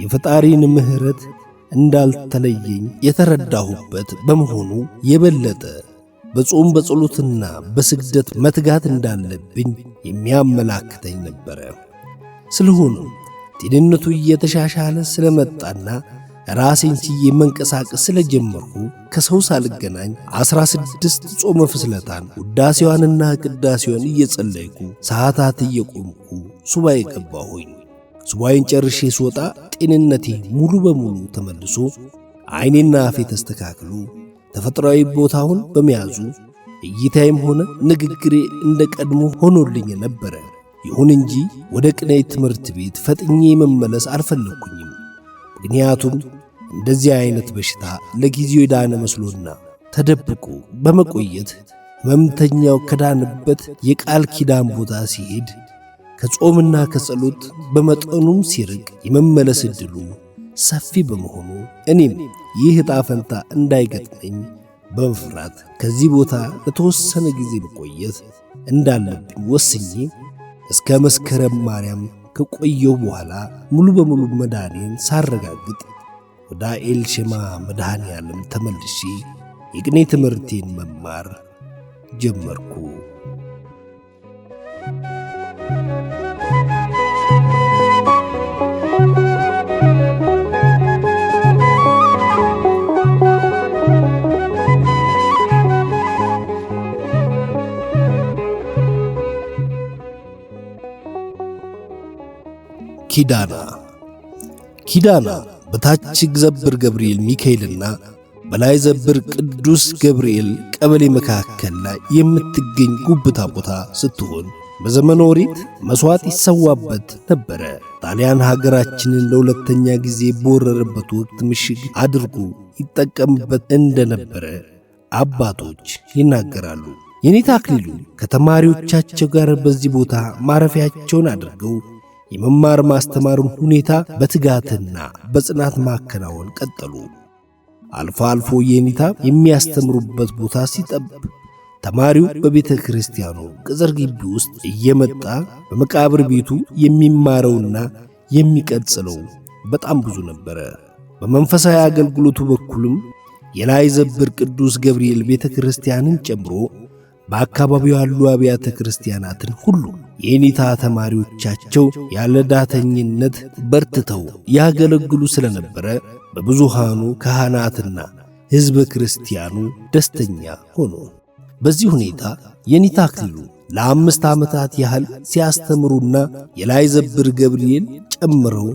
የፈጣሪን ምሕረት እንዳልተለየኝ የተረዳሁበት በመሆኑ የበለጠ በጾም በጸሎትና በስግደት መትጋት እንዳለብኝ የሚያመላክተኝ ነበረ። ስለሆነ ጤንነቱ እየተሻሻለ ስለመጣና ራሴን ችዬ መንቀሳቀስ ስለጀመርኩ ከሰው ሳልገናኝ ዐሥራ ስድስት ጾመ ፍስለታን ውዳሴዋንና ቅዳሴዋን እየጸለይኩ ሰዓታት እየቆምኩ ሱባ ገባሁኝ። ጽዋዬን ጨርሼ ስወጣ ጤንነቴ ሙሉ በሙሉ ተመልሶ ዐይኔና አፌ ተስተካክሎ ተፈጥሯዊ ቦታውን በመያዙ እይታይም ሆነ ንግግሬ እንደ ቀድሞ ሆኖልኝ ነበረ። ይሁን እንጂ ወደ ቅኔ ትምህርት ቤት ፈጥኜ መመለስ አልፈለግኩኝም። ምክንያቱም እንደዚህ አይነት በሽታ ለጊዜው የዳነ መስሎና ተደብቆ በመቆየት ሕመምተኛው ከዳንበት የቃል ኪዳን ቦታ ሲሄድ ከጾምና ከጸሎት በመጠኑም ሲርቅ የመመለስ ዕድሉ ሰፊ በመሆኑ እኔም ይህ ዕጣ ፈንታ እንዳይገጥመኝ በመፍራት ከዚህ ቦታ ለተወሰነ ጊዜ መቆየት እንዳለብኝ ወስኜ እስከ መስከረም ማርያም ከቆየው በኋላ ሙሉ በሙሉ መዳኔን ሳረጋግጥ ወደ ኤልሽማ መድኃኔ ዓለም ተመልሼ የቅኔ ትምህርቴን መማር ጀመርኩ። ኪዳና ኪዳና በታች ዘብር ገብርኤል ሚካኤልና በላይ ዘብር ቅዱስ ገብርኤል ቀበሌ መካከል ላይ የምትገኝ ጉብታ ቦታ ስትሆን በዘመነ ኦሪት መሥዋዕት ይሰዋበት ነበረ። ጣሊያን ሀገራችንን ለሁለተኛ ጊዜ በወረረበት ወቅት ምሽግ አድርጎ ይጠቀምበት እንደነበረ አባቶች ይናገራሉ። የኔታ አክሊሉ ከተማሪዎቻቸው ጋር በዚህ ቦታ ማረፊያቸውን አድርገው የመማር ማስተማሩን ሁኔታ በትጋትና በጽናት ማከናወን ቀጠሉ። አልፎ አልፎ የኒታ የሚያስተምሩበት ቦታ ሲጠብ ተማሪው በቤተ ክርስቲያኑ ቅጽር ግቢ ውስጥ እየመጣ በመቃብር ቤቱ የሚማረውና የሚቀጽለው በጣም ብዙ ነበረ። በመንፈሳዊ አገልግሎቱ በኩልም የላይ ዘብር ቅዱስ ገብርኤል ቤተ ክርስቲያንን ጨምሮ በአካባቢው ያሉ አብያተ ክርስቲያናትን ሁሉ የኔታ ተማሪዎቻቸው ያለ ዳተኝነት በርትተው ያገለግሉ ስለነበረ በብዙሃኑ ካህናትና ሕዝበ ክርስቲያኑ ደስተኛ ሆኖ በዚህ ሁኔታ የኒታ ክልሉ ለአምስት ዓመታት ያህል ሲያስተምሩና የላይ ዘብር ገብርኤል ጨምረው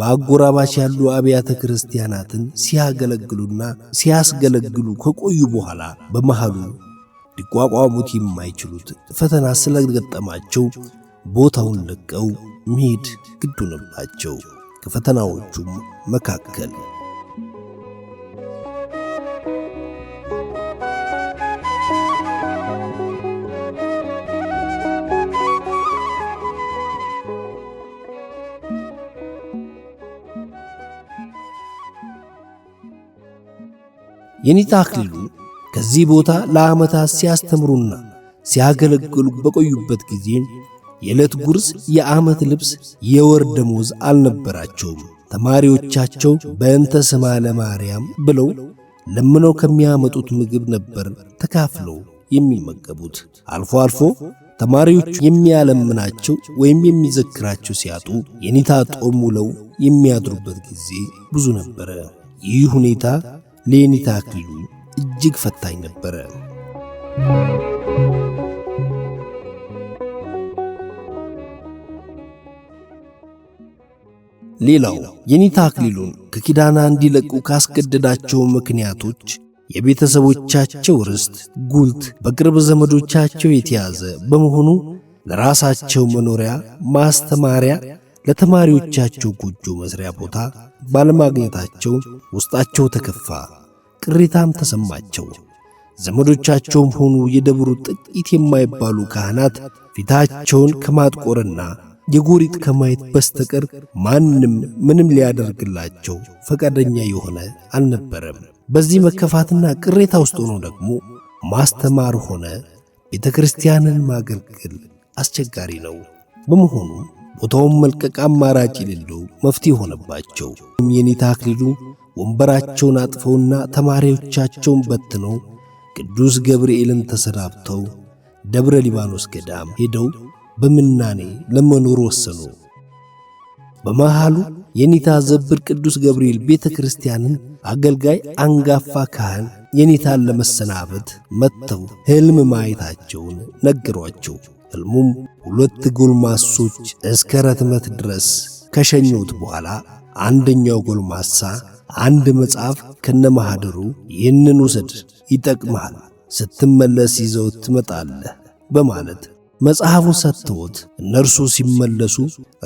በአጎራባች ያሉ አብያተ ክርስቲያናትን ሲያገለግሉና ሲያስገለግሉ ከቆዩ በኋላ በመሃሉ ሊቋቋሙት የማይችሉት ፈተና ስለገጠማቸው ቦታውን ለቀው መሄድ ግድ ሆነባቸው። ከፈተናዎቹም መካከል የኒታ አክሊሉ ከዚህ ቦታ ለዓመታት ሲያስተምሩና ሲያገለግሉ በቆዩበት ጊዜ የዕለት ጉርስ፣ የዓመት ልብስ፣ የወር ደሞዝ አልነበራቸውም። ተማሪዎቻቸው በእንተ ስማ ለማርያም ብለው ለምነው ከሚያመጡት ምግብ ነበር ተካፍለው የሚመገቡት። አልፎ አልፎ ተማሪዎቹ የሚያለምናቸው ወይም የሚዘክራቸው ሲያጡ የኔታ ጦም ውለው የሚያድሩበት ጊዜ ብዙ ነበረ። ይህ ሁኔታ ለኔታ አክሊሉ እጅግ ፈታኝ ነበረ። ሌላው የኒታ አክሊሉን ከኪዳና እንዲለቁ ካስገደዳቸው ምክንያቶች የቤተሰቦቻቸው ርስት ጉልት በቅርብ ዘመዶቻቸው የተያዘ በመሆኑ ለራሳቸው መኖሪያ ማስተማሪያ ለተማሪዎቻቸው ጎጆ መስሪያ ቦታ ባለማግኘታቸው ውስጣቸው ተከፋ። ቅሬታም ተሰማቸው። ዘመዶቻቸውም ሆኑ የደብሩ ጥቂት የማይባሉ ካህናት ፊታቸውን ከማጥቆርና የጎሪጥ ከማየት በስተቀር ማንም ምንም ሊያደርግላቸው ፈቃደኛ የሆነ አልነበረም። በዚህ መከፋትና ቅሬታ ውስጥ ሆኖ ደግሞ ማስተማር ሆነ ቤተ ክርስቲያንን ማገልገል አስቸጋሪ ነው። በመሆኑ ቦታውን መልቀቅ አማራጭ የሌለው መፍትሄ ሆነባቸው። የኔታ አክሊሉ ወንበራቸውን አጥፈውና ተማሪዎቻቸውን በትነው ቅዱስ ገብርኤልን ተሰናብተው ደብረ ሊባኖስ ገዳም ሄደው በምናኔ ለመኖር ወሰኑ። በመሃሉ የኒታ ዘብር ቅዱስ ገብርኤል ቤተ ክርስቲያንን አገልጋይ አንጋፋ ካህን የኒታን ለመሰናበት መጥተው ሕልም ማየታቸውን ነገሯቸው። ሕልሙም ሁለት ጎልማሶች እስከ ረትመት ድረስ ከሸኙት በኋላ አንደኛው ጎልማሳ አንድ መጽሐፍ ከነማኅደሩ ይህንን ውሰድ ይጠቅምሃል፣ ስትመለስ ይዘው ትመጣለህ በማለት መጽሐፉን ሰጥተውት እነርሱ ሲመለሱ፣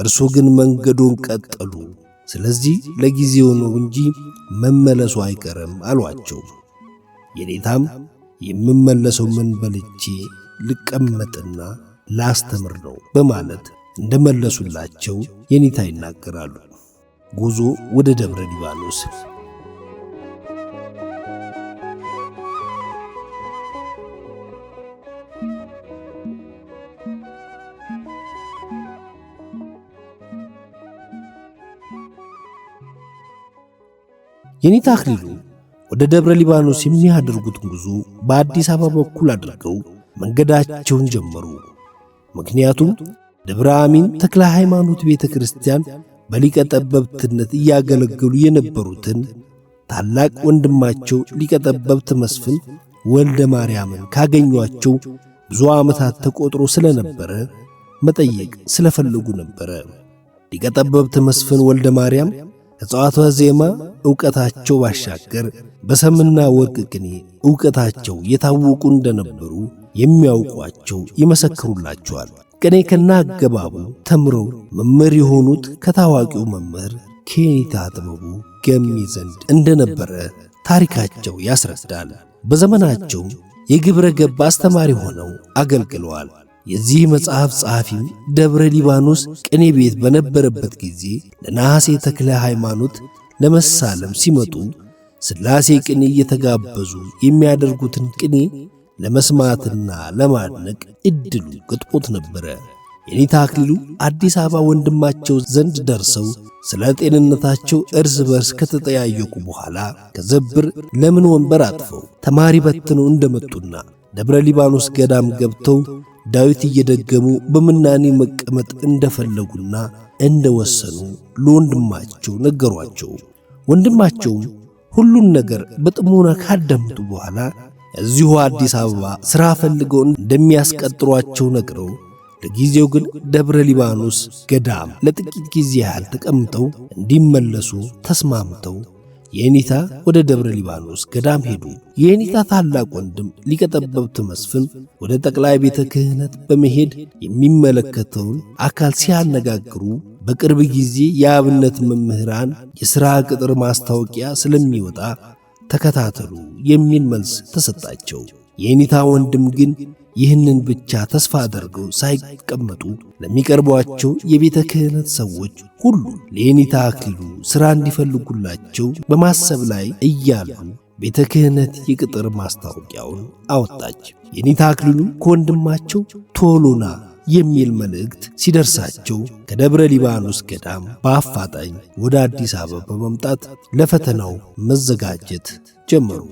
እርሱ ግን መንገዱን ቀጠሉ። ስለዚህ ለጊዜው ነው እንጂ መመለሱ አይቀርም አሏቸው። የኔታም የምመለሰው ምን በልቼ ልቀመጥና ላስተምር ነው በማለት እንደመለሱላቸው የኔታ ይናገራሉ። ጉዞ ወደ ደብረ ሊባኖስ የኔታ አክሊሉ ወደ ደብረ ሊባኖስ የሚያደርጉትን ጉዞ በአዲስ አበባ በኩል አድርገው መንገዳቸውን ጀመሩ። ምክንያቱም ደብረ አሚን ተክለ ሃይማኖት ቤተ ክርስቲያን በሊቀ ጠበብትነት እያገለገሉ የነበሩትን ታላቅ ወንድማቸው ሊቀ ጠበብት መስፍን ወልደ ማርያምን ካገኟቸው ብዙ ዓመታት ተቆጥሮ ስለነበረ መጠየቅ ፈለጉ ነበረ። ሊቀ ጠበብት መስፍን ወልደ ማርያም ከጸዋቷ ዜማ ዕውቀታቸው ባሻገር በሰምና ወርቅ ቅኔ ዕውቀታቸው የታወቁ እንደነበሩ የሚያውቋቸው ይመሰክሩላቸዋል። ቅኔ ከና አገባቡ ተምረው መምህር የሆኑት ከታዋቂው መምህር ኬኒታ ጥበቡ ገሚ ዘንድ እንደነበረ ታሪካቸው ያስረዳል። በዘመናቸው የግብረ ገብ አስተማሪ ሆነው አገልግለዋል። የዚህ መጽሐፍ ጸሐፊ ደብረ ሊባኖስ ቅኔ ቤት በነበረበት ጊዜ ለነሐሴ ተክለ ሃይማኖት ለመሳለም ሲመጡ ሥላሴ ቅኔ እየተጋበዙ የሚያደርጉትን ቅኔ ለመስማትና ለማድነቅ እድሉ ገጥሞት ነበረ። የኔታ አክሊሉ አዲስ አበባ ወንድማቸው ዘንድ ደርሰው ስለ ጤንነታቸው እርስ በርስ ከተጠያየቁ በኋላ ከዘብር ለምን ወንበር አጥፈው ተማሪ በትነው እንደመጡና ደብረ ሊባኖስ ገዳም ገብተው ዳዊት እየደገሙ በምናኔ መቀመጥ እንደፈለጉና እንደወሰኑ ለወንድማቸው ነገሯቸው። ወንድማቸውም ሁሉን ነገር በጥሞና ካዳመጡ በኋላ እዚሁ አዲስ አበባ ሥራ ፈልገው እንደሚያስቀጥሯቸው ነግረው ለጊዜው ግን ደብረ ሊባኖስ ገዳም ለጥቂት ጊዜ ያህል ተቀምጠው እንዲመለሱ ተስማምተው የኒታ ወደ ደብረ ሊባኖስ ገዳም ሄዱ። የኒታ ታላቅ ወንድም ሊቀጠበብት መስፍን ወደ ጠቅላይ ቤተ ክህነት በመሄድ የሚመለከተውን አካል ሲያነጋግሩ በቅርብ ጊዜ የአብነት መምህራን የሥራ ቅጥር ማስታወቂያ ስለሚወጣ ተከታተሉ የሚል መልስ ተሰጣቸው። የኒታ ወንድም ግን ይህንን ብቻ ተስፋ አድርገው ሳይቀመጡ ለሚቀርቧቸው የቤተ ክህነት ሰዎች ሁሉ ለየኔታ አክሊሉ ሥራ እንዲፈልጉላቸው በማሰብ ላይ እያሉ ቤተ ክህነት የቅጥር ማስታወቂያውን አወጣች። የኒታ አክሊሉ ከወንድማቸው ቶሎና የሚል መልእክት ሲደርሳቸው ከደብረ ሊባኖስ ገዳም በአፋጣኝ ወደ አዲስ አበባ በመምጣት ለፈተናው መዘጋጀት ጀመሩ።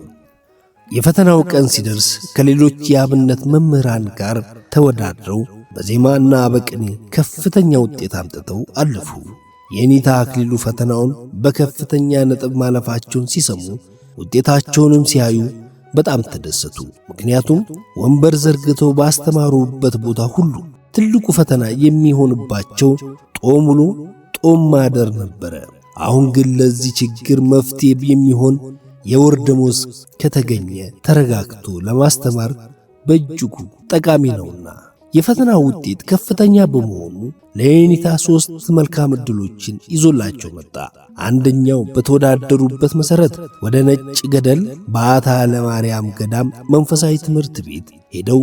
የፈተናው ቀን ሲደርስ ከሌሎች የአብነት መምህራን ጋር ተወዳድረው በዜማና በቅኔ ከፍተኛ ውጤት አምጥተው አለፉ። የኒታ አክሊሉ ፈተናውን በከፍተኛ ነጥብ ማለፋቸውን ሲሰሙ ውጤታቸውንም ሲያዩ በጣም ተደሰቱ። ምክንያቱም ወንበር ዘርግተው ባስተማሩበት ቦታ ሁሉ ትልቁ ፈተና የሚሆንባቸው ጦም ውሎ ጦም ማደር ነበረ። አሁን ግን ለዚህ ችግር መፍትሄ የሚሆን የወር ደመወዝ ከተገኘ ተረጋግቶ ለማስተማር በእጅጉ ጠቃሚ ነውና የፈተና ውጤት ከፍተኛ በመሆኑ ለየኔታ ሶስት መልካም ዕድሎችን ይዞላቸው መጣ። አንደኛው በተወዳደሩበት መሠረት ወደ ነጭ ገደል በአታ ለማርያም ገዳም መንፈሳዊ ትምህርት ቤት ሄደው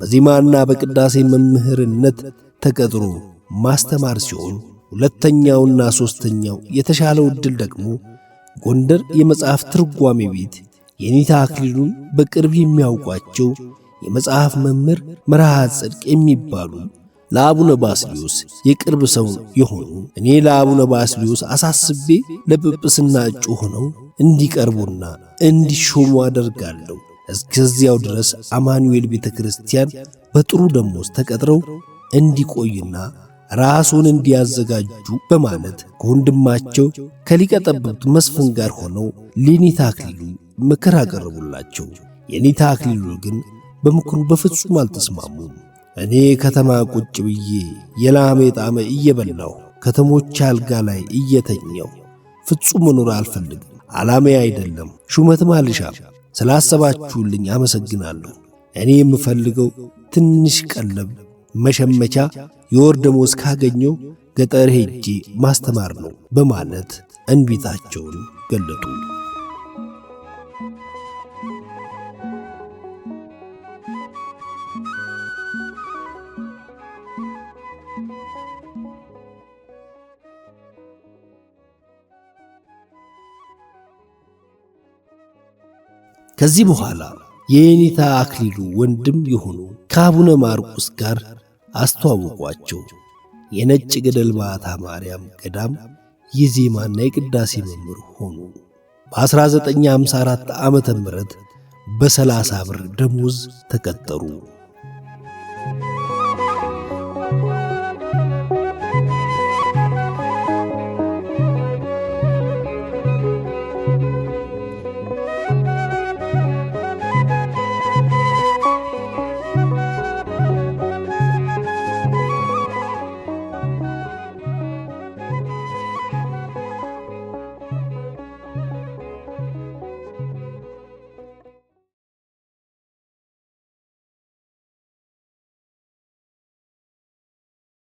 በዜማና በቅዳሴ መምህርነት ተቀጥሮ ማስተማር ሲሆን ሁለተኛውና ሦስተኛው የተሻለው ዕድል ደግሞ ጎንደር የመጽሐፍ ትርጓሜ ቤት የኔታ አክሊሉን በቅርብ የሚያውቋቸው የመጽሐፍ መምህር መርሃ ጽድቅ የሚባሉ ለአቡነ ባስልዮስ የቅርብ ሰው የሆኑ እኔ ለአቡነ ባስልዮስ አሳስቤ ለጵጵስና እጩ ሆነው እንዲቀርቡና እንዲሾሙ አደርጋለሁ። እስከዚያው ድረስ አማኑኤል ቤተ ክርስቲያን በጥሩ ደሞዝ ተቀጥረው እንዲቆይና ራሱን እንዲያዘጋጁ በማለት ከወንድማቸው ከሊቀ ጠበብት መስፍን ጋር ሆነው ለኔታ አክሊሉ ምክር አቀረቡላቸው። የኒታ አክሊሉ ግን በምክሩ በፍጹም አልተስማሙም። እኔ ከተማ ቁጭ ብዬ የላመ የጣመ እየበላሁ ከተሞች አልጋ ላይ እየተኛው ፍጹም መኖር አልፈልግም። ዓላሜ አይደለም ሹመትም አልሻም ስላሰባችሁልኝ አመሰግናለሁ። እኔ የምፈልገው ትንሽ ቀለብ መሸመቻ የወር ደሞዝ ካገኘው ገጠር ሄጄ ማስተማር ነው በማለት እንቢታቸውን ገለጡ። ከዚህ በኋላ የየኔታ አክሊሉ ወንድም የሆኑ ከአቡነ ማርቆስ ጋር አስተዋወቋቸው። የነጭ ገደል ማታ ማርያም ገዳም የዜማና የቅዳሴ መምህር ሆኑ። በ1954 ዓመተ ምህረት በሰላሳ ብር ደሞዝ ተቀጠሩ።